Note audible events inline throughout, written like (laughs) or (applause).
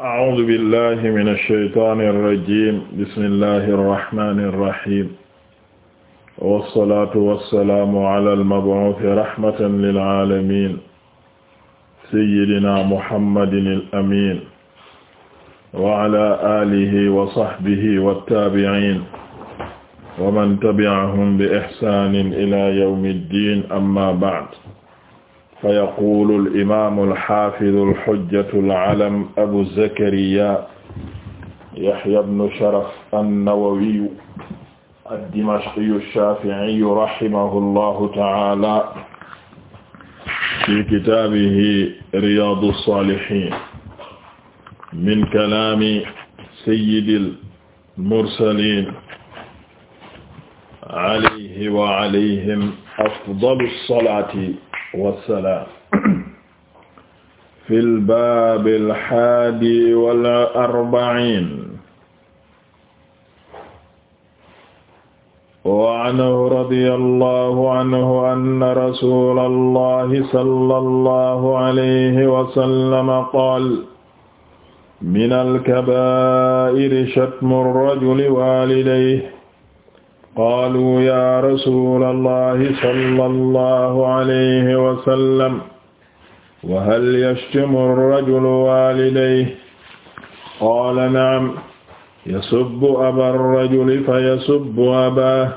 أعوذ بالله من الشيطان الرجيم بسم الله الرحمن الرحيم والصلاة والسلام على المبعوث رحمة للعالمين سيدنا محمد الأمين وعلى آله وصحبه والتابعين ومن تبعهم بإحسان إلى يوم الدين أما بعد fa yaqulu al-imaamu al-haafidu al-hujjatu al-alam abu zakariya yahya ibnu sharaf an-nawawiyu ad-dimashqiyu ash-shaafi'iyu rahimahu llahu ta'aala fi kitaabihi riyaadu saalihiin min kalaami sayyidil mursaliin alayhi wa alayhim afdalu salaati wassalaam fi lbaabi alhaadi wal arba'iin wa anhu radiyallahu anhu anna rasuulallahi sallallahu alayhi wa sallam qaala minal kabaa'iri shatmu rajuli waalidayhi qaaluu ya rasula allahi sala allahu alayhi wasallam wa hal yashtumu arrajulu walidayhi qaala na'am yasubbu aba arrajuli fa yasubbu abaahu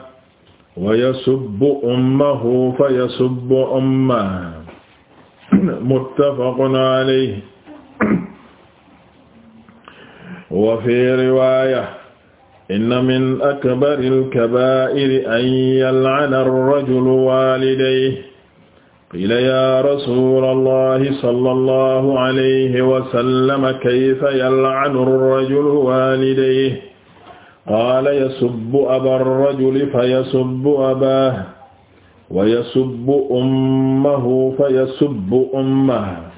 wa yasubbu ummahu fa yasubbu ummahu muttafaqun alayhi wa fii riwaaya inna min akbari alkabairi an yal'ana arrajulu walidayhi qila ya rasula allahi sallallahu alayhi wa sallama kayfa yal'anu arrajulu walidayhi qaala yasubbu aba arrajuli fayasubbu abaahu wa yasubbu ummahu fayasubbu ummahu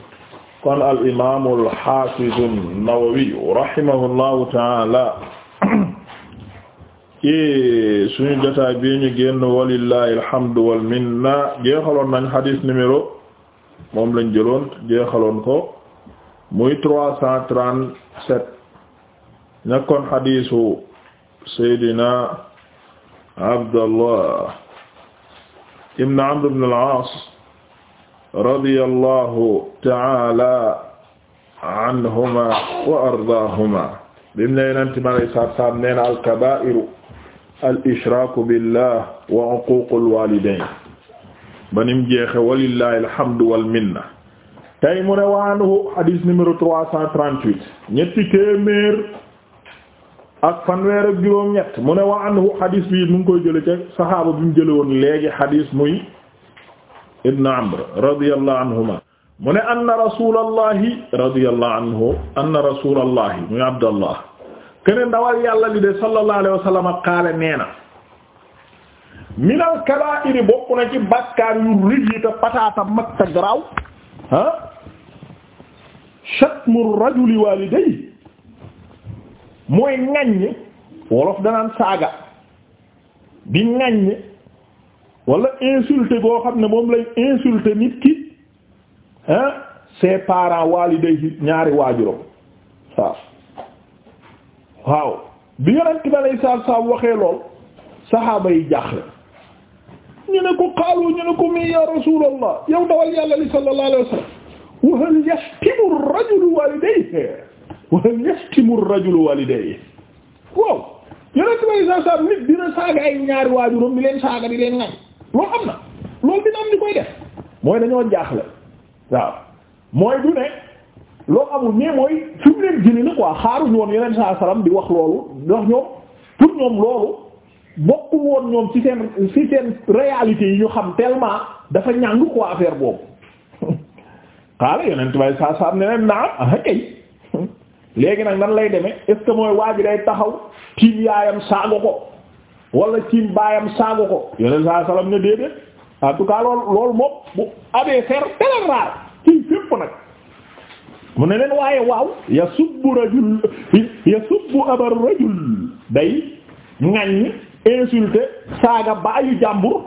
kon al imaamu al haafizu an-nawawi rahimahullahu ta'ala ci suñu jotaay bi ñu génn walillahi alhamdu wal minna jeexaloon nañ xadiis moom lañ jëloon jeexaloon ko muy trois cent trente-sept nekkoon xadiisu Seydina Abdallah ibn Amr ibn al-Aas radiyallahu ta'ala anhuma wa ardaahuma bi mu ne Yonent na al-kabaa'iru al ishraaku billah wa uquuqul waalidayn banim jeexe walillahi alhamdu wal minna tey mu ne hadith numéro trois cent trente-huit ñetti téeméer ak fanweer ak juróom ñett mu ne waanhu hadith bi mu ngi koy jële ca saxaaba bi mu jële woon léegi hadith muy ibn amr radiyallahu anhuma mu ne anna rasulallahi radiyallahu anhu anna rasulallahi muy abdallah keneen dawal yàlla li de sallallahu alayhi wa sallam qaala na minal kabaa'iri bokk na ci bàkkaar yu rëy ta pataata mag ta garaaw ah shatmu rajuli walidayhi mooy ŋaññ wolof danaan saaga di ŋaññ wala insulté goo xam ne moom lay insulté nit ki ah ses parents walidayhi ñaari waajuram waaw bi yonent bi alayhi salaatu salaam waxee lool saxaaba yi jaaxle ñu ne ko xaalu ñu ne ko mii ya rasuulallah yow dawal yàlla li sallallahu alayhi wa sallam wa hal yashtimu ar-rajulu wa hal yashtimu ar-rajulu walidayhi waaw yonent bi alayhi salaatu nit dina saaga ay ñaari waajuram di leen saaga di leen ŋañ loolu am na loolu dina am ni koy def mooy dañoo jaaxle waaw mooy du ne loo amul mais mooy fi mu leen jëlee la quoi yeneen saa salaam di wax loolu ndax ñoom pour ñoom loolu bokku woon ñoom ci seen ci seen réalité yi ñu xam tellement dafa ñàng quoi affaire boobu. xaaral yeneen tubaab saa saa am ne leen naam ah kay léegi nag nan lay demee est ce waa ji day taxaw tiim yaayam saago ko wala tiim baayam saago ko yeneen saa salaam ne déedéet en loolu loolu moom bu amee faire très rare fépp nag. mu ne leen waaye waaw yasubbu rajul yasubbu abar rajul day ŋaññ insulter saaga baayu jàmbur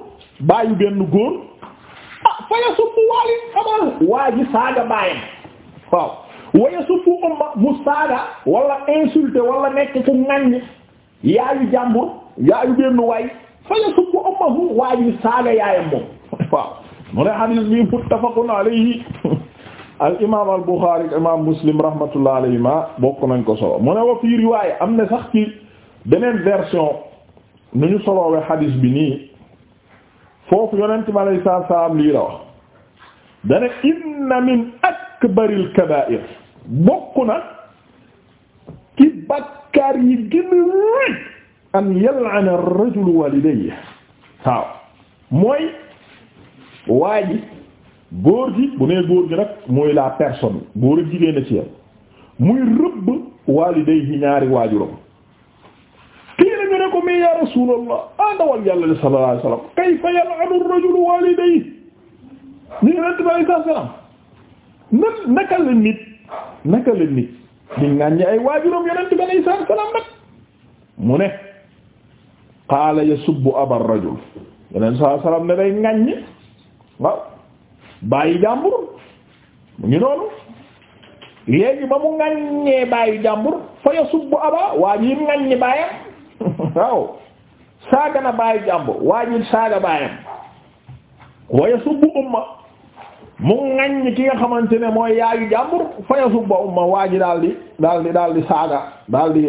baayu benn góor ah fa yasubbu waali abar waa ji saaga baayam waaw wa yasubbu umma mu saaga wala insulter wala nekk ku ŋaññ yaayu jàmbur yaayu benn waay fa yasubbu ummahu waa ji saaga yaayam moom waaw mu ne hadiis bi muttafaqun alayhi al imaam al Buxaari Muslim rahmatullah alayhima bokk nañ ko solo mu ne wa fii riwaaya am na sax ci beneen version nu ñu soloowe xadiis bi nii foofu yonent bi alayhi salaatu salaam lii la min akbaril kabaa'ir bokk na ci yi gën a an yal'ana ar-rajulu waalidayhi waaw góor gi bu nee góor gi nag mooy la personne góor ak jigéen a ci yam muy rëbb walidayhi ñaari waajuram kii ne ko mais ya rasulallah andawal ah yàlla li sallallahu alayhi kayfa yal'anu ar-rajulu ay waajuram yonent bi alayhi salaam mu ne qaala yasubbu abar rajul yonent sallallahu alayhi wasallam ne waaw bàyyi jàmbur mu ngi noonu léegi ba mu ŋaññee bàyyi jàmbur fa yasubbu aba waa ji ŋaññi baayam (laughs) waaw saaga na bàyyi jàmbur waa ji saaga baayam wa yasubbu umma mu ŋaññi ki nga xamante ne mooy yaayu jàmbur fa yasubbu umma waa ji daal di daal di daal di saaga daal di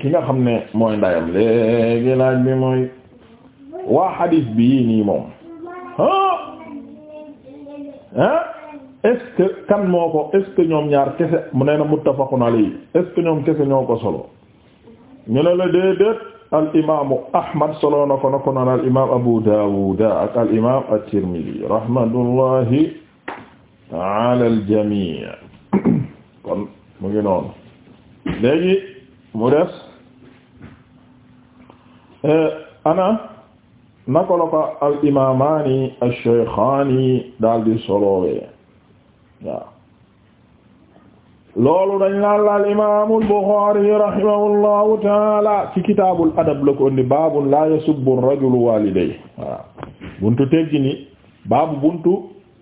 ki nga xam ne mooy ndayam léegi laaj bi mooy waa hadis bii nii moom ah est kan moo ko est ñoom ñaar kese mu ne na muttafaqun alayhi est ñoom kese ñoo ko solo ñu ne la déedéet al imaamu Ahmad solo na ko na ko al imaam Abu Dawud ak al imaam at-Tirmidhi rahmatullahi ala jamii (coughs) kon mu ngi noonu léegi mu des eh, ana. naka la ko al imaamaani al sheykhaani daal di solowee loolu dañ naan la al imaamu al buxaari rahimahullahu taala ci kitaabul adab la ko indi baabun laa yasubbu rajulu waalidayhi buntu teggi baabu buntu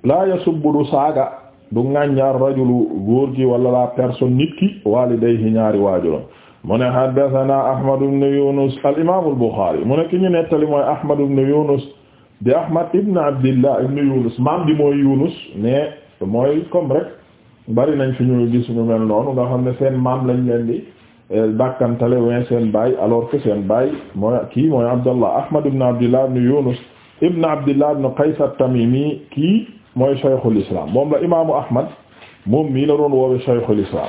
laa yasubbu du saaga du ŋàññaar rajulu góor gi wala la personne nit ñaari waajuram mu ne haddathana Ahmad ibn Yunus al-imam al-Bukhari mu ne ki ñu nettali mooy Ahmad ibn Yunus di Ahmad ibn Abdillah ibn Yunus maam di mooy Yunus mais mooy comme rek bari nañ fi ñu gis ñu mel noonu nga xam ne seen maam lañ leen di eh, dàkkantale ween seen baay alors que seen baay mooy kii mooy Abdallah Ahmad ibn Abdillah ibn Yunus ibn Abdillah ibn Qays at-Tamimi kii mooy shaykhul islam moom la imaamu Ahmad moom mii la doon woowe Shaykhul Islam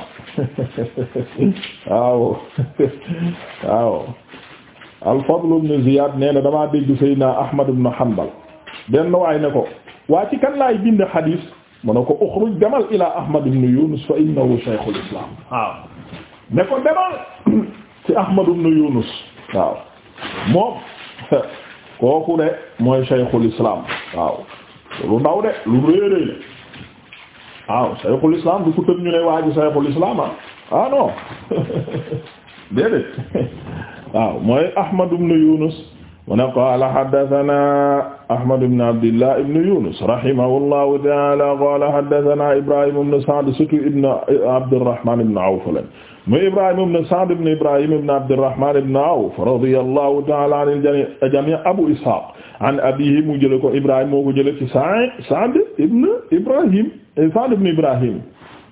waaw waaw al-Fadl ibn Ziyad nee na damaa dégg Seydina Ahmad ibn Hanbal waay ne ko waa kan laay bind xadiis mu ne ko uxruj demal ila Ahmad ibn Yunus fa innahu Shaykhul ne ko demal ci Ahmad ibn Yunus moom kooku de mooy Shaykhul Islam waaw lu ndaw de lu réeréy waaw sayxul islam du ko tëb ñu ne waa ji sayxul islam ah ah non (laughs) déedéet (laughs) waaw mooy Ahmad ibn Yunus mu ne qaala haddathana Ahmad ibn Abdillah ibn Yunus rahimahullahu ta'ala qaala haddathana Ibrahim ibn Sa'd surtout ibn Abdurrahman ibn Awf la muy Ibrahim ibn Sa'd ibn Ibrahim ibn Abdurrahman ibn Awf radiyallahu ta'ala anil jami' Abu Ishaq an abihi mu jële ko Ibrahim moo ko jële ci Sa'd ibn Ibrahim Eh, Sa'd ibn Ibrahim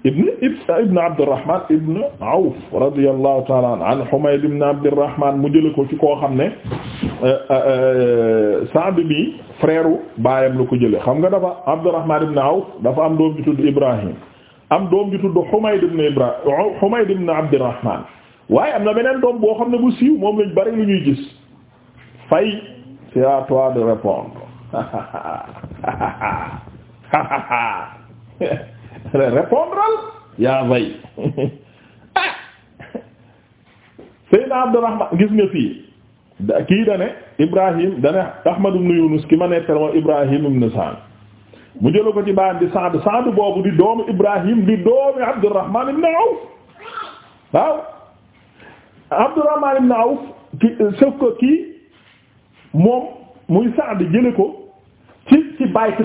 ibn ibn Abdurrahman ibn Awf radiyallahu ta'ala an Humayd ibn Abdurrahman mu jële ko ci koo xam ne eh, eh, Sa'd bi frère baayam la ko jële xam nga dafa Abdurrahman ibn Awf dafa am doom ju Ibrahim am doom ju tudd Humayd ibn waaye am na beneen doom boo xam ne bu siiw moom lañ bari lu ñuy gis fay c'est à toi de répondre (laughs) répondre yaa vay ah Seydina Abdurrahman gis nga fii da kii da Ibrahim da ne Ahmad Yunus ki ma nekkal moom Ibrahim ibn Sa'd mu jëla ko ci baayam di Sa'd Sa'd boobu di doomu Ibrahim di doomu Abdurrahman ibn Awf waaw Abdurrahman ibn Awf ki sëf ko kii moom muy Sa'd jële ko ci ci baay ci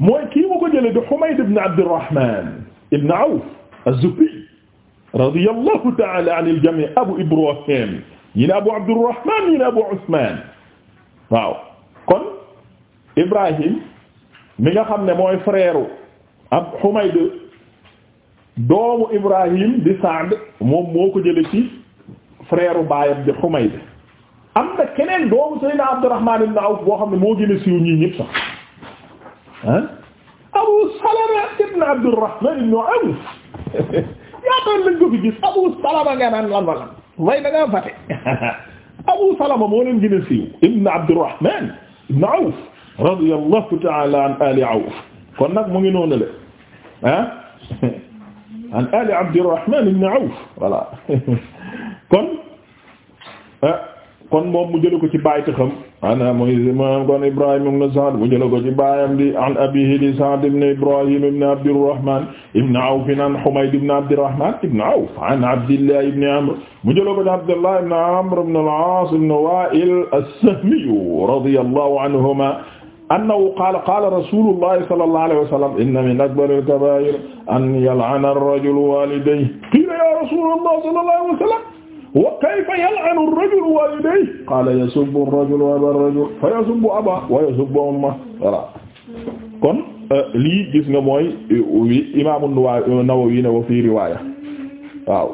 mooy kii ma ko jëlee di Humayd ibn Abdurrahman ibn Awf az-Zuhri radiyallahu ta'ala anil jami' Abu Ibrahim ñi ne Abu Abdurrahman ñi Abu Usman kon Ibrahim mi nga xam ne mooy frère ab Humayd doomu Ibrahim di Sa'd moom moo ko jëlee ci frère baayam di Humayd am na keneen doomu Sayyidina Abdurrahman ibn Awf boo xam ne moo gën a siiw ñii ñëpp ah Abu Salama ibn Abdurrahman ibn Awf (laughs) yaakaar nañ ko fi gis Abu Salama nga naan lan wala way da ngaa fàtte (laughs) Abu Salama moo leen gën a siiw ibn Abdurrahman ibn Awf radiyallahu ta'ala an ali Awf kon nag mu ngi noonu le ah (laughs) an ali Abdurrahman ibn Awf voilà kon kon moom mu jëla ko ci baay tëxam ana muy imam kon ibrahim ibn Sa'd mu jëla ko ci baayam di an abihi di Sa'd ibn ibrahim ibn Abdurrahman ibn Awf an Humayd ibn Abdurrahman ibn Awf an Abdillah ibn Amr mu jëla ko ci Abdullah ibn Amr ibn al-As ibn Wa'il as-Sahmi radiyallahu anhuma annahu qaala qaala rasuulullahi sallallahu alayhi wa sallam inna min akbaril kabaa'ir an yal'ana ar-rajulu waalidayhi qiila ya rasuulallah sallallahu alayhi wa sallam wa kayfa yal'anu ar-rajulu walidayhi qala yasubbu ar-rajulu aba ar-rajul fa yasubbu aba wa yasubbu umma voilà kon euh, lii gis nga mooy euh, imaamu Nawawi ne wa fii riwaaya waaw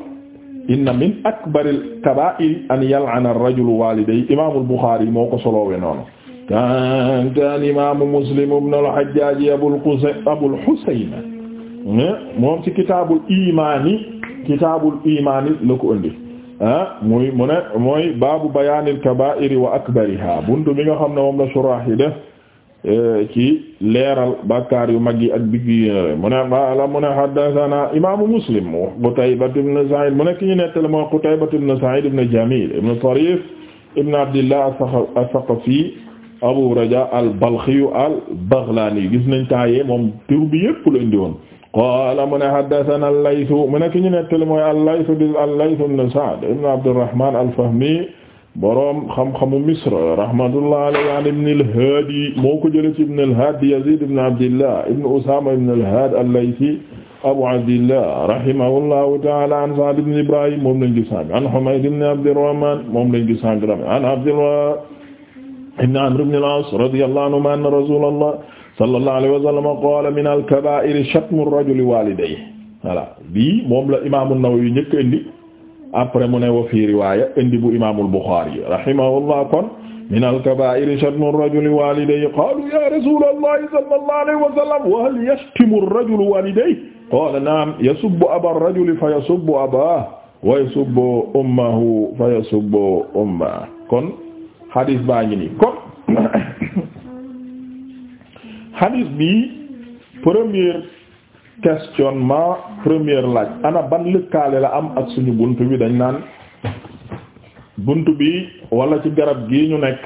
inna min akbaril kabaa'iri an yal'ana ar-rajulu walidayhi imaamul Buxaari moo ko soloowe noonu kantaan imaamu Muslim ibn al-Hajjaaj Abul Husayn Abul Husayn hmm? moom ci kitaabul imaani kitaabul imaani la ko indi ah muy mu ne mooy baabu bayaanil kabaa'iri wa akbariha buntu mi nga xam ne moom la surah yi def e, ci leeral bàkkaar yu mag yi ak bigg yi ne mu ne qaala mu ne haddathana imaamu muslim mu Qutayba ibn Sa'id mu ne ki ñu nettale moo Qutayba ibn Sa'id ibn Jamil ibn Tarif ibn Abdillah as-Saqafi Abu Raja al-Balkhi al-Baghlani gis nañ taayee moom tur bi yëpp la indi woon qaala mu ne haddathana al-Laythu mu ne ki ñu nettali mooy al-Laythu di al-Laythu ibn Sa'd ibn Abdurrahman al-Fahmi boroom xam-xamu Misr rahmatullah alayhi an ibn al-Hadi moo ko jëlee ci ibn al-Hadi Yazid ibn Abdillah ibn Usama ibn al-Hadi al-Laythi Abu Abdillah rahimahullahu ta'ala an Sa'd ibn Ibrahim moom lañ gis sànq an Humayd ibn Abdurrahman moom lañ gis sànq an Abdullah ibn Amr ibn al-As radiyallahu anhu anna Rasulullah sallallahu alayhi wa sallam qaala min al-kabaa'ir shatmu ar-rajuli waalidayhi voilà bii moom la imaamu Nawawi njëkk indi après mu ne wa fii riwaaya indi bu imaamul Buxaari rahimahullah kon min al-kabaa'ir shatmu ar-rajuli waalidayhi qaalu yaa rasuulallahi sallallahu alayhi wa sallam wa hal yashtimu ar-rajulu waalidayhi qaala na'am yasubbu abaa ar-rajuli fa yasubbu abaahu wa yasubbu ummahu fa yasubbu ummahu kon hadiis baa ngi nii kon hadis bii première questionnement première laaj ana ban lëkkaale la am ak suñu bunt bi dañ naan bunt bi wala ci garab gii ñu nekk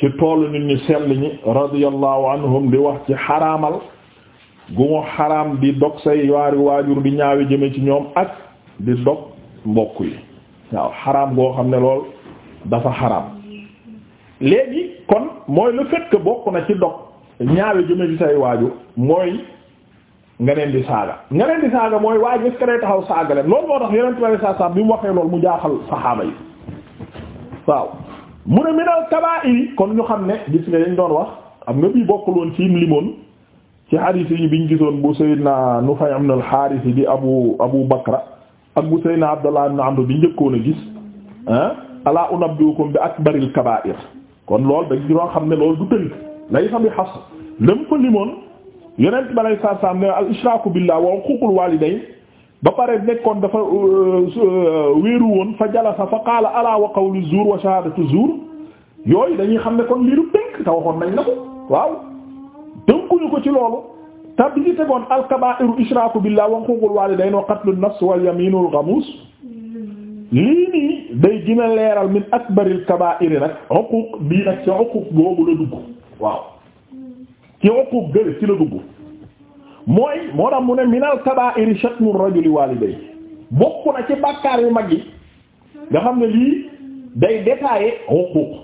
ci toolu nit ñu sell ñi radiyallahu anhum di wax ci xaraamal gu mu xaraam di dog say waari waajur di ñaawi jëme ci ñoom ak di dog mbokk yi waaw xaraam goo xam ne lool dafa xaraam léegi kon mooy le fait bokk na ci dog ñaawe jëme ci say waaju mooy nga leen di saaga nga leen saaga mooy waaye gis ka taxaw saaga leen loolu moo tax yeneen tubaab saa saa bi mu waxee loolu mu jaaxal saxaaba yi waaw mu ne minal kabaa'iri kon ñu xam ne gis nga dañ doon wax am nga bii bokkul woon ci im limoon ci hadith yi biñ gisoon bu Seydina Nufay ibn al-Harith di Abu Abu Bakra ak bu Seydina Abdullah ibn Amr bi njëkkoon a gis ah alaa unabbi'ukum bi akbaril kabaa'ir kon loolu dañ doon xam ne loolu du tënk. laysa bi hasr lam ko limoon yonent bi alay saa salaam ne al ishraaku billah wa uquuqul waalidayn ba pare nekkoon dafa euh, euh, wéeru woon fa jalasa fa qaala alaa wa qawlu zuur wa shahaadatu zuur yooyu dañuy xam ne kon mbiru tënk te waxoon nañ na ko waaw tënkuñu ko ci loolu te bi ñu tegoon alkabaa'iru ishraaku billah wa uquuqul waalidayn wa qatlun nafs wal yamiinul ghamuus lii nii day gën a leeral min akbaril kabaa'iri nag uquuq bii nag ci uquuq boobu la dugg waaw ci uqub gële ci la dugg mooy moo tax mu ne minal kabaa'iri shatmu rajuli walidayhi bokk na ci bàkkaar yu mag yi nga xam ne lii day détaillé uqub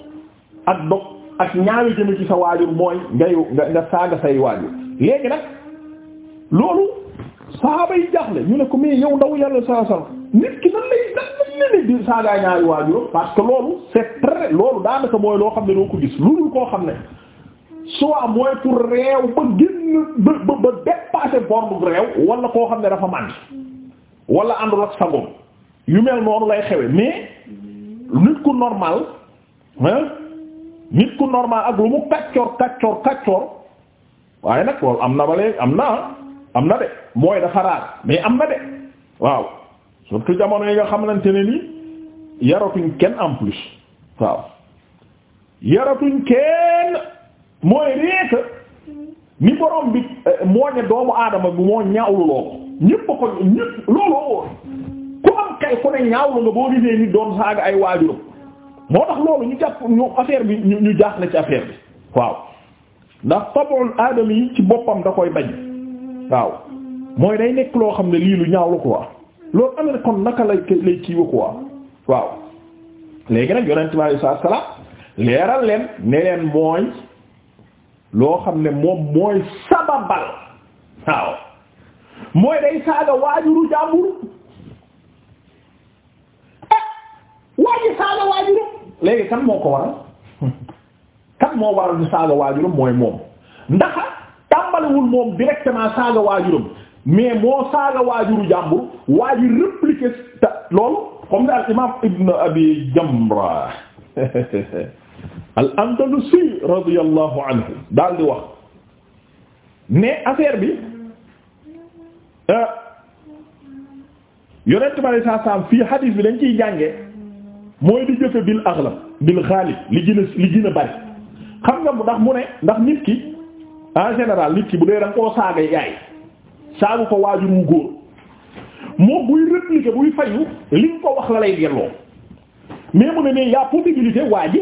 ak dog ak ñaawi jëme ci sa waajur mooy ngay nga saaga say waajur léegi nag loolu saaba yi jaaxle ñu ne ko mais yow ndaw yàlla saa saa nit ki nan lay nan la ñu di saaga ñaari waajur parce que loolu c'est très loolu daanaka mooy loo xam ne doo ko gis loolu koo xam ne. soit mooy pour réew ba génn ba ba ba dépasser borne réew wala koo xam ne dafa màndi wala àndul ak sagoom yu mel noonu lay xewe mais nit ku normal hein nit ku normal ak lu mu kàccoor kàccoor kàccoor waaye nag loolu am na ba am na am na de mooy dafa raar mais am na de waaw surtout jamono yi nga xamante ne ni yaratuñ kenn en plus waaw yaratuñ kenn. mooy réeka ni borom bi eh, mooñe doomu aadama bi moo ñaawlu loolu ñépp ko ñépp looloo woon ku am kay ku ne ñaawlu nga boo gisee ni doon saaga ay waajuram moo tax loolu ñu jàpp ñu affaire bi ñu jaaxle ci affaire bi waaw ndax tabul aadama yi ci boppam da koy bañ waaw mooy day nekk loo xam ne lii lu ñaawlu quoi loolu am na kon naka lay lay kiiwa quoi waaw léegi nag yonent bi sallallahu alayhi wasallam leeral leen ne leen mooy loo xam ne moom mooy sababal waaw mooy day saaga waajuru jàmbur ah saaga waajuru léegi kan moo ko waral kan moo waral ñu saaga waajuram mooy moom ndax tàmbaliwul moom directement saaga waajuram mais moo saaga waajuru jàmbur waajur répliquer ta loolu comme ne al ibn abi jamra (laughs) al andalusi radiyallahu anhu daal di wax ne affaire bi euh, yonent bi alay saa fii hadis bi dañ ciy jànge mooy di jëfe bil aghlab bil ghalib li gën a li gën a bari xam nga mu ndax mu ne ndax nit ki en général nit ki bu dee da koo saaga yaay saagu ko waajur wu góor moom buy répliquer buy fayu li nga ko wax la lay delloo mais mu ne ne y'a possibilité waa ji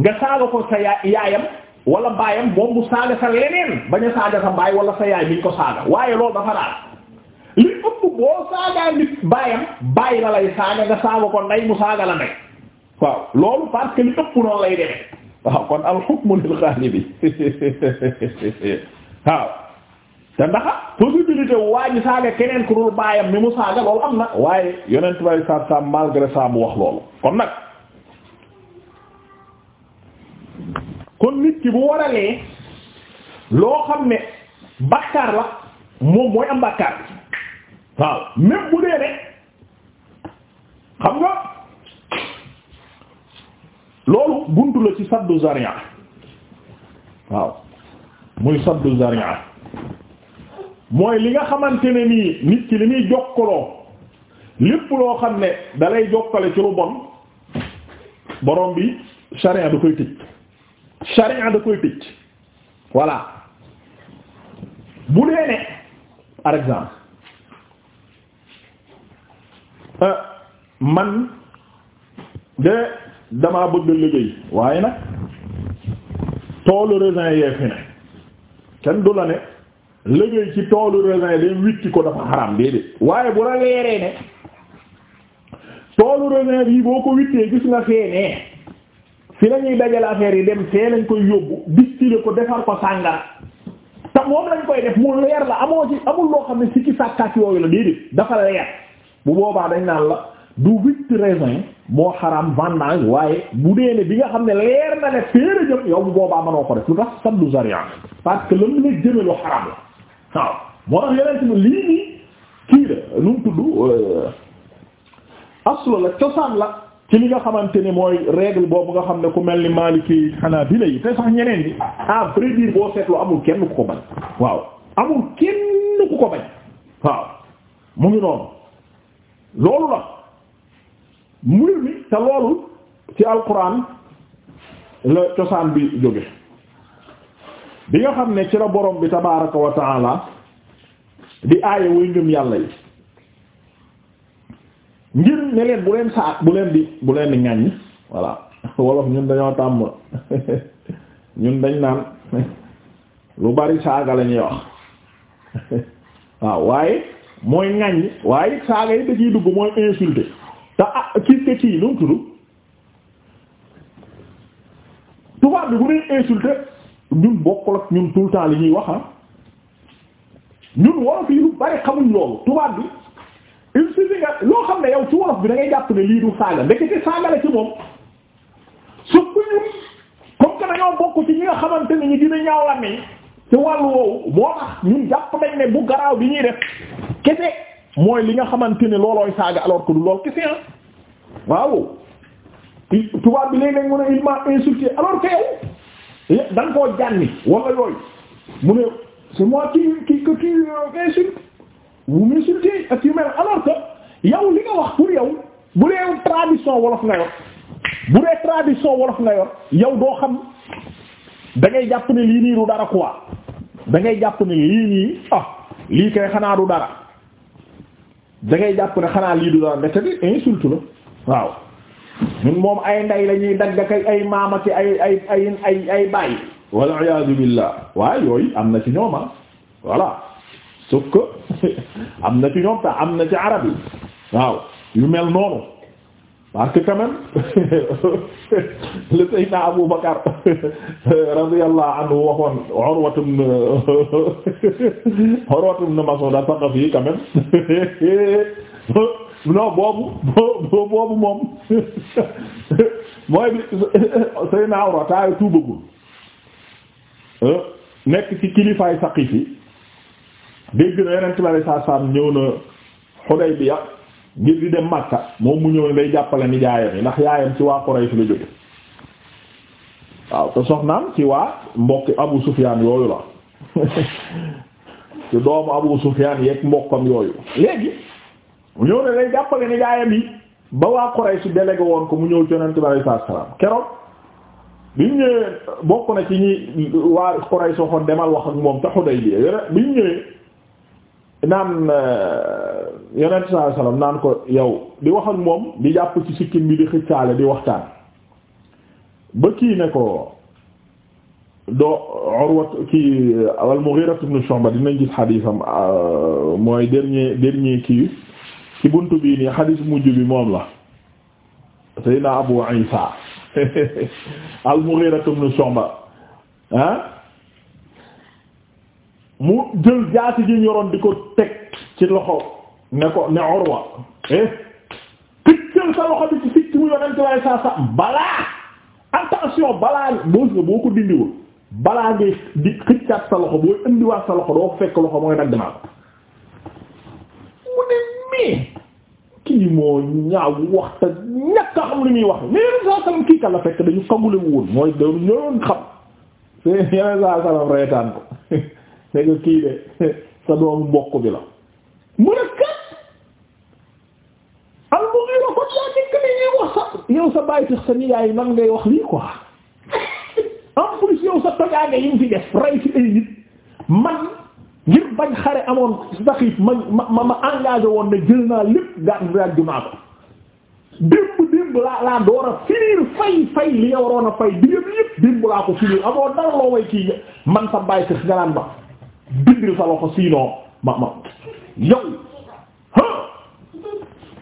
nga saaga ko sa yaayam wala baayam moom mu saaga sa leneen bañ saaga sa baay wala sa yaay biñ ko saaga waaye loolu dafa raar li ëpp boo saagaa nit baayam baay la lay saaga nga saaga ko ndey mu saaga la ndey waaw loolu parce que li ëpp noonu lay demee waaw kon al lil ghalibi (laughs) waaw te ndax possibilité waa ji saaga keneen ku dul baayam mi mu saaga loolu am na waaye yonent bay saab saab malgré ça mu wax loolu kon nag kon nit ki bu waralee loo xam ne bàkkaar la moom mooy am bàkkaar bi waaw même bu dee ne xam nga loolu buntu la ci saddu zaria waaw muy saddu zaria mooy li nga xamante ne nii nit ki li muy jokkaloo lépp loo xam ne dalay jokkale ci lu bon borom bi sharia du koy tëj charia da koy tëj voilà bu dee ne par exemple euh, man de damaa bëgg liggéey waaye nag toolu raisin yee fi ne kenn du la ne liggéey ci toolu raisin day witti ko dafa xaram déedéet waaye bu la leeree ne toolu raisin bii boo ko wittee gis nga feenee fi la ñuy dajale affaire yi dem fee lañ koy yóbbu distiller ko defar ko sàngara te moom lañ koy def mu leer la amoo ci amul loo xam ne si ci sàkkaat yu la déedéet dafa leer bu boobaa dañ naan la du huit raisins moo xaraam vendange waaye bu dee ne bi nga xam ne leer na ne féere jëm yow bu boobaa mënoo ko def lu tax sabdu zaria parce que lan la jëme lu xaraam la waaw moo tax yeneen si lii nii kii la nu mu tudd euh, aslo la cosaan la. ci li nga xamante ni mooy règle boobu nga xam ne ku mel ni Maliki Hanabila yi te sax ñeneen ñi à vrai dire boo seetlu amul kenn ku ko bañ waaw amul kenn ku ko bañ waaw mu ngi noonu loolu la mbir mi te loolu ci alquran la cosaan bi jóge bi nga xam ne ci la borom bi tabaaraka wa ta'ala di aaya way ngëm yàlla yi ngir ne leen bu leen saak bu leen di bu leen di ŋaññi voilà (laughs) wolof ñun dañoo tàmm (laughs) ñun dañ naan lu bari saaga lañuy wax (laughs) waaw waaye mooy ŋaññi waaye saaga yi da ciy dugg mooy insulter te ah kii te kii nu mu tudd tubaab bi bu ñuy insulter ñun bokkul ak ñun tout temps li ñuy wax ah ñun wolof yi lu bari xamuñ loolu tubaab bi. il suffit loo xam ne yow ci wolof bi da ngay jàpp ne lii du saaga ndekete saaga la ci moom suuf bi ñun comme que dañoo bokk ci ñi nga xamante ne ñu dina ñaaw la ne ci wàllu woowu moo jàpp nañ ne bu garaaw bi ñuy def kese mooy li nga xamante ne loolooy saaga alors ko du lool kese ah waaw tubaab bi léegi nag mu ne il m'a insulté alors que yow koo jànni wala yooyu mu ne c'est moi qui qui qui euh, insulte vous m'insultez ak yu mel alors que yow li nga wax pour yow bu dee tradition wolof nga yor bu dee tradition wolof nga yor yow doo xam da jàpp ne lii nii du dara quoi da ngay jàpp ne lii nii ah lii kay xanaa du dara da jàpp ne xanaa lii du dara ndekete insulte la waaw ñun moom ay ndey la ñuy dagg ay maama ci ay ay ay ay ay bàyyi. wal iyaazu billah waaye yooyu am na ci ñooma ah. voilà. sauf que (laughs) am na ci ñoom ta am na ci arab yi waaw yu mel noonu parce que quand même (laughs) le Seydina Abu Bakar (laughs) radiyallahu anhu waxoon Urwatu ibn Urwatu ibn Mas'ud al-Thaqafi quand même non boobu boobu moom mooy bi Seydina Urwa taayu tuubagul eh, nekk ci kilifaay Saqiif yi dégg na yeneen ci bari saa ñëw na Hudaybiya ngir di dem Makka moom mu ñëw ne day jàppale ni jaayam yi ndax yaayam ci waa Quraysh la jóge waaw te soxnaam ci waa mbokki Abu Sufyaan yooyu la (laughs) ci doomu Abu Sufyaan yeeg mbokkam yooyu léegi mu ñëw ne day jàppale ni jaayam yi ba waa Quraysh délégué woon ko mu ñëw ci yeneen ci bari saa saam keroog biñ ñëwee bokk na ci ñi waa Quraysh waxoon demal wax ak moom te Hudaybiya biñ ñëwee naan euh, yonent sallallahu alayhi naan ko yow di wax moom di jàpp ci sikkim bi di xëccaale di waxtaan ba kii ne ko doo Urwa kii al-Mughira ibn dinañ gis xadiisam euh, mooy dernier dernier kii ci bunt bii nii xadiis mujj bi moom la Seydina Abu Isa (laughs) al-Mughira ibn Shu'ba ah? mu jël jaasi ji ñoroon di ko teg ci loxo ne ko ne Urwa eh këccal sa loxo bi ci sikki mu yonente waaye sa sa balaa attention balaa dindiwul balaa ngay di xëccaat sa loxo booy indiwaat sa loxo doo ko fekk loxo mooy dagg naa ko mu ne mii kii moo ñaaw wax te ñàkk xam li muy wax mais yeneen saa salam la fekk dañu (laughs) saa reetaan ko (laughs) ne ko kii de (laughs) sa doomu mbokk bi la mu ne kat al kon yaa nekk ni wax sa yow sa bàyyi tax sa nijaay nan ngay wax lii quoi (laughs) en plus yow sa tojaange yi mu fi def rey ci ay man ngir bañ xare amoon saxiif ma ma ma engagé woon ne jël naa lépp gàddu ak ko démb démb laa laa door a finir fay fay li nga waroon a fay digg yëpp démb laa ko finir amoo dara loo way kii man sa bàyyi tax nga naan ba bind sa loxo sinon ma ma yow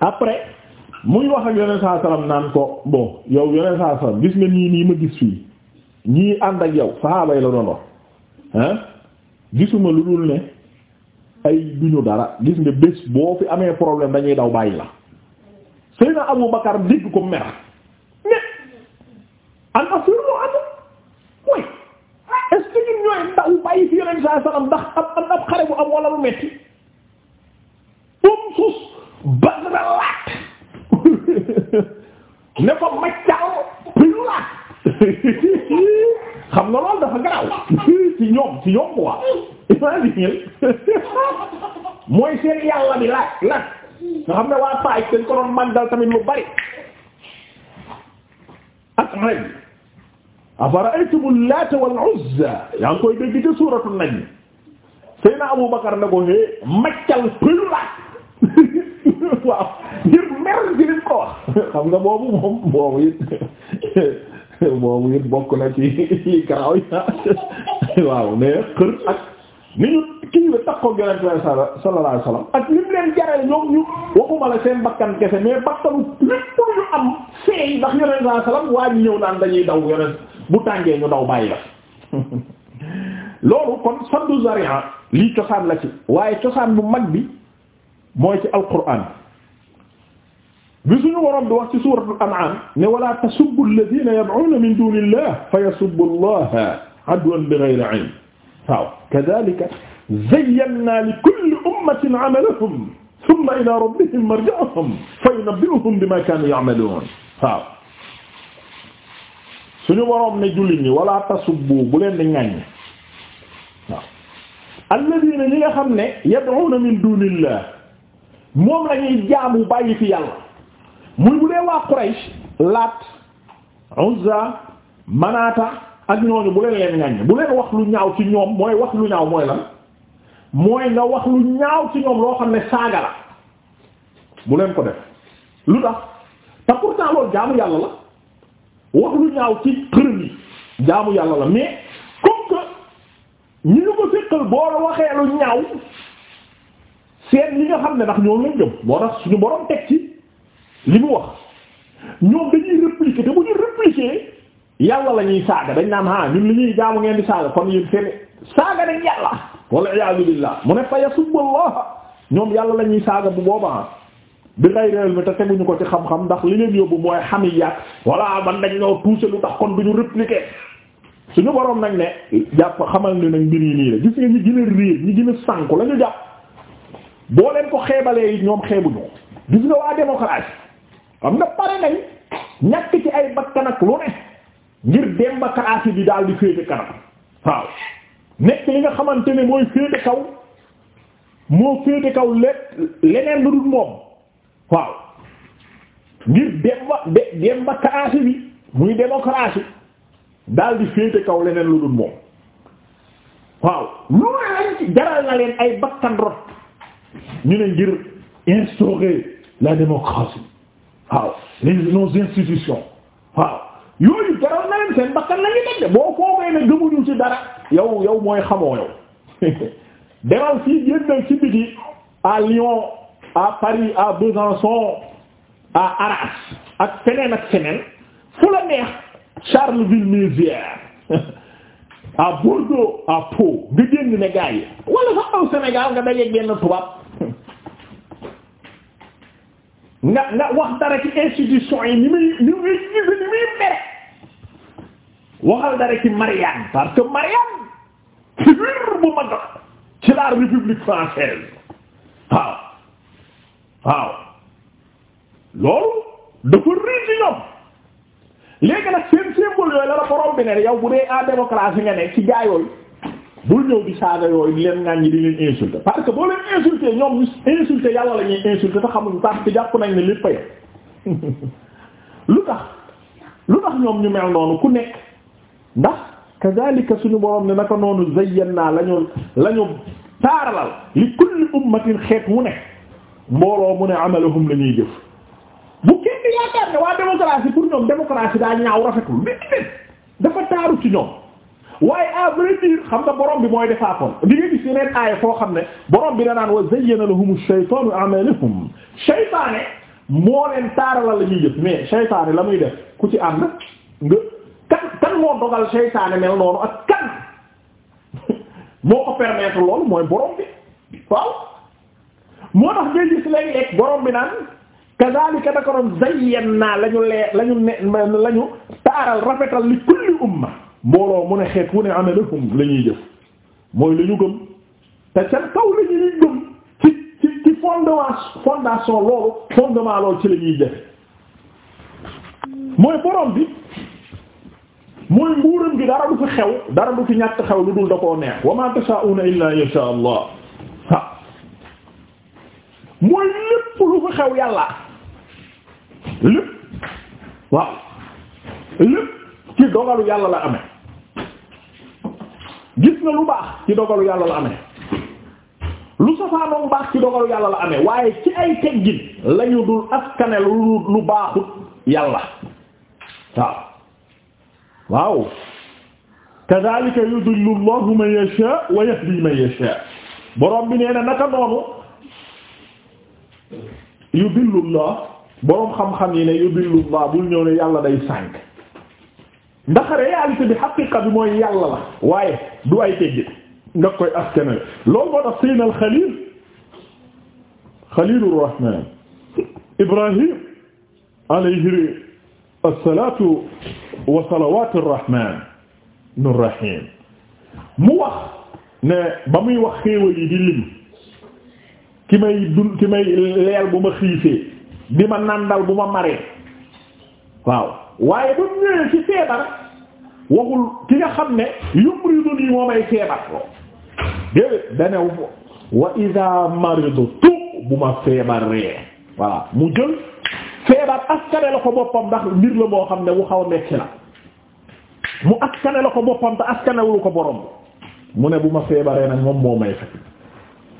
après muy wax ak yoneen saa salaam naan ko bon yow yoneen saa salaam gis nga nii nii ma gis fii ñii ànd ak yow saxaaba la doon wax ah gisuma lu dul ne ay duñu dara gis nga bés boo fi amee problème dañuy daw bàyyi la Seydina Abu Bakar dégg ko mer ne an asur ku bàyyi fi yonent saa salaam ndax ab ab xare bu am wala lu metti um sus Badr laat (laughs) ne ko maccaw pilu laat (laughs) xam nga loolu dafa garaaw (laughs) ci ñoom ci ñoom quoi imagine mooy seen yàlla bi laat laat nga xam ne waa paaj dañ ko doon màggal tamit lu bari ak rek afara'aytumul laata wal uzza yaa ngi koy dégg ci suuratu najm Seydina Abu Bakar ne ko hee maccal pëyu laat (laughs) waaw ngir mer ci liñ ko wax xam nga boobu moom boobu it (laughs) boobu it bokk na ci li (laughs) waaw mais xër ak ni ñu kii bi tax ko gërëm sallallahu alayhi ak lim leen jaree ñoom ñu waxuma la seen bakkan kese mais bakkanu lépp lu am seey ndax yoneen sallallahu alayhi wasallam waa ñu ñëw dañuy daw yoneen bu tàngee ñu daw bàyyi la loolu kon saddu zari'a lii cosaan la ci waaye cosaan bu mag bi mooy ci alquran bi suñu waroon di wax ci suuratul an'am ne wala tasubbu alladhina yad'una min dunillah fayasubbu allaha adwan bighayri ilm waaw kadhalika zayyana li kulli ummatin 'amalahum thumma ila rabbihim marji'uhum fayunabbi'uhum bima kanu ya'malun waaw suñu boroom ne jullit ñi wala tasubbu bu leen di ŋàññ waaw alladina ñi nga xam ne yad'una min dunillah moom lañuy jaamu bàyyi fi yàlla muy bu dee waa Quraysh Laat Uzza Manaata ak ñooñu bu leen leen ŋàññ bu leen wax lu ñaaw ci ñoom mooy wax lu ñaaw mooy la mooy nga wax lu ñaaw ci ñoom loo xam ne saaga la bu leen ko def lu tax te pourtant loolu jaamu yàlla la wax lu ñaaw ci xërëm yi jaamu yàlla la mais comme que ñu ñu ko séqal boo waxee lu ñaaw seen li nga xam ne ndax ñoom lañ jëm moo tax suñu borom teg ci li mu wax ñoom dañuy répliquer te bu ñu répliquer yàlla la saaga dañ naan ah ñun li ñuy jaamu ngeen di saaga kon yéen seen saaga dañ yàlla wal iyaadu billah mu ne fa yasubbu allah ñoom yàlla la ñuy saaga bu boobaa di xay réel mi te teguñu ko ci xam-xam ndax li leen yóbbu mooy xam yi yàq voilà man dañ ñoo touché lu tax kon duñu répliquer suñu boroom nag ne jàpp xamal ni nag mbir yi nii la gis nga ñi gën a réer ñi gën a sànku la ñu jàpp boo leen ko xeebalee yi ñoom xeebuñu ko gis nga waa démocratie xam nga pare nañ ñàkk ci ay bakkan ak lu ne ngir démocratie bi daal di féete kanam waaw nekk li nga xamante ne mooy féete kaw moo féete kaw le leneen lu dul moom waaw ngir demba demba kaasi bi muy démocratie daal di féete kaw leneen lu dul moom waaw lu leen ci jaral na ay bakkan rot ñu ne ngir instaurer la démocratie waaw les nos institutions waaw yooyu jaral na leen seen bakkan la ñu dégg boo foogee ne gëmuñu ci dara yow yow mooy xamoo yow (laughs) demal fii génnal ci biti à Lyon. a Paris à Besançon à Arras ak feneen ak feneen fu la neex Charleville-Mézières (laughs) à Bordeaux à Pau nga génn ne gaa yi wala sax aw Sénégal nga daje génn tubaab (laughs) nga nga wax dara ci institution yi ni muy ni muy gise dara ci Marianne parce que Marianne figure bu mag ci la waaw loolu dafa riir ci ñoom léegi nag seen symbole yooyu la la borom bi ne yow bu dee en démocratie nga ne ci gaa yooyu bul ñëw di saaga yooyu di leen ŋàññi di leen insulté parce que boo leen insulté ñoom ñu insulté yàlla te xamuñ parce que jàpp nañ ne lépp a (laughs) lu tax lu tax ñoom ñu mel noonu ku nekk ndax kazalika suñu borom ne naka noonu zayyan naa lañu lañu taaralal li kulli ummatin xeet wu nekk mbooloo mu ne amalahum la ñuy jëf bu kenn di yaakaar ne waa démocratie pour ñoom démocratie daa ñaaw rafetul nit ñi dafa taaru ci ñoom waaye à vrai dire xam nga borom bi mooy defaatoon li nga gis yeneen aaya foo xam ne borom bi da naan wa zayyana lahum ash-shaytanu a'malahum shaytaane moo leen taarala la ñuy jëf mais shaytaane la muy def ku ci ànd nga kan kan moo dogal shaytaane mel noonu ak kan (laughs) moo ko permettre loolu mooy borom bi waaw. moo tax ngay gis léeg-léeg borom bi naan kazalika dakaroon zayyannaa la ñu lee la ne la ñu taaral rafetal li kulli umma mbooloo mu ne xeet wu ne amalahum la ñuy jëf mooy la ñu gëm te ca kaw la ñuy gëm ci ci ci fondement loolu fondement loolu ci lañuy ñuy jëf mooy borom bi mooy nguuram gi dara du fi xew dara du fi ñàkk xew lu dul da neex wa ma tashaa'una illa yasha Allah mooy lépp lu fi xew yàlla lépp waaw lépp ci dogalu yàlla la amee gis na lu baax ci dogalu yàlla la amee lu safaanoon baax ci dogalu yàlla la ame waaye ci ay teggin lañu dul askane lu lu baaxut yàlla waaw waaw kadhalika yudillu Allahu man yasha wa yahdi man yasha borom bi nee na naka noonu yudillullah boroom xam-xam yi ne yudillullah bul ñëw ne yàlla day sànk ndax réalité bi xaqiqa bi mooy yàlla la waaye du ay teggi nga koy askanale loolu moo tax seen al xalil xalilur rahmaan ibrahim alayhi assalatu wa salawatu rahmaan nu rahim mu wax ne ba muy wax xéewal yi di lim ki may dun ki may leel bu ma xiifee di ma nàndal bu ma maree waaw waaye ba ñëwee ci feebar waxul ki nga xam ne yumridu nii moo may feebar loo déedéet dane wa iza maridtu bu ma feebaree voilà mu jël feebar askane la ko boppam ndax mbir la moo xam ne wu xaw a metti la mu askane la ko boppam te askanewul ko borom mu ne bu ma feebaree nag moom moo may fekk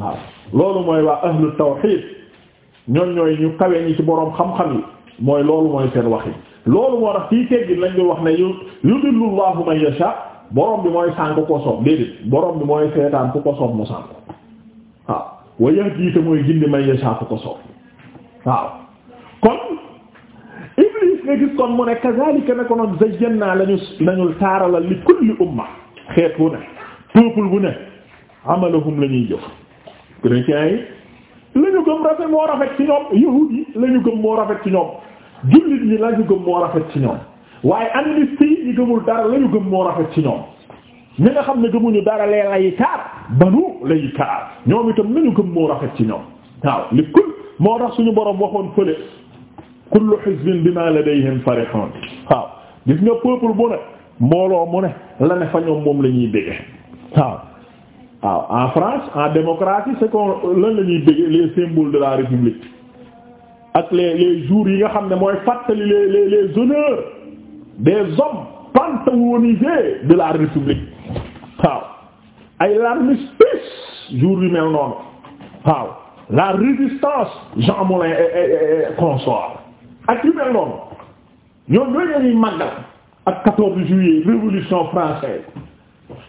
waaw loolu mooy waa ahlu tawxiid ñoom ñooy ñu kawe ñi ci boroom xam-xam yi mooy loolu mooy seen wax yi loolu moo tax fii teggin lañ wax ne yu yudillu Allahu man yasha boroom bi mooy sànk ko soob déedéet boroom bi mooy seetaan ku ko soob mu sànk waaw wa yahdi te mooy gindi man yasha ku ko soob waaw kon Iblis nga gis kon mu ne kazaalika ne ko noonu zayyannaa lañu nañu taaralal li kulli umma xeet bu ne peuple bu ne amalahum la ñuy jëf chrétiens yi la ñu gëm rafet moo rafet ci ñoom yahuud yi la ñu gëm moo rafet ci ñoom jullit ñi la gëm moo rafet ci ñoom waaye animiste yi ñu gëmul dara la ñu gëm moo rafet ci ñoom ñi nga xam ne gëmuñu dara lee lay kaar banu lay kaar ñoom itam la ñu gëm moo rafet ci ñoom waaw li kul moo tax suñu borom waxoon fële kullu hizbin bima ladayhim farihun waaw gis nga peuple bu ne mbooloo mu ne la ne fa ñoom moom la ñuy bége waaw waaw en France en démocratie c'est qu'on lan la ñuy dégg les de la République ak les les jours yi nga xam ne mooy fàttali les les les honneurs des hommes panthéonisés de la République waaw ay l'armistice jour yu mel noonu waaw la résistance Jean Moulin et consort ak yu mel noonu ñoom ñooy ñuy màggal ak 14 juillet révolution française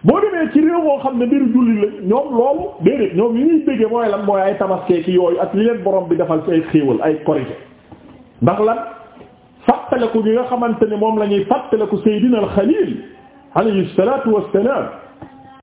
boo demee ci réew moo xam ne mbir julli la ñoom loolu déedéet ñoom yi ñuy déggee mooy lan mooy ay tabaskee ki yooyu ak li leen borom defal ci ay xéewal ay korite ndax lan fàttaliku ñi nga xamante ne moom la ñuy fàttaliku Seydina al Xaliil alayhi salaatu wassalaam